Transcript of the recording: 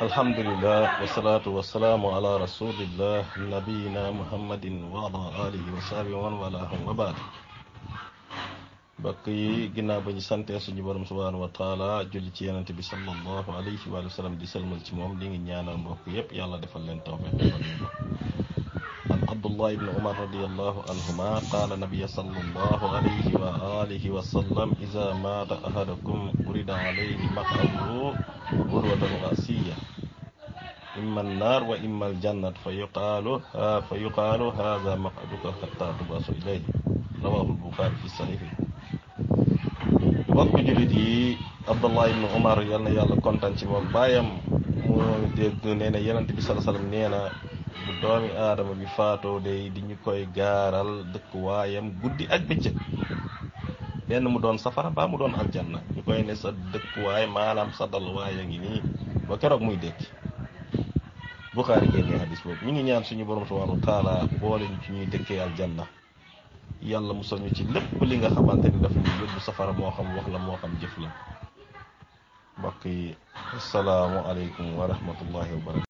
الحمد لله والصلاة والسلام على رسول الله نبينا محمد وعلى آله وصحبه ومن والاه وبعد بقي جنا بني سنت يسوع برم سبحانه وتعالى جل جيان تبي صلى الله عليه وآله وسلم دي سلم الجموع دين جنا نبوك يب يلا دفن لين عبد الله بن عمر رضي الله عنهما قال نبي صلى الله عليه وآله وسلم إذا مات أحدكم أريد عليه مقعده imma an-nar wa imma jannat fa yuqalu fa yuqalu hadha maq'aduka hatta tubasu ilayhi rawahu al-bukhari fi sahih bokk julit yi abdullah ibn umar yal ya yàlla kontaan ci moom bàyyam mu dégg nee na yonente bi sala salam nee na bu doomi aadama bi faatoo day di ñu koy gaaral dëkk waayam guddi ak bëccëg benn mu doon safara ba mu doon aljanna ñu koy ne sa dëkk waay maanaam sa dal ngi ba muy Buxaari génne hadis boobu ñu ngi ñaan suñu borom subhanahu wa taala boole ñu ci ñuy dëkkee aljanna yàlla musal ñu ci lépp li nga xamante ni daf ñu yóbbu safara moo xam wax la moo xam jëf la mbokk yi wa rahmatullahi wa barakatu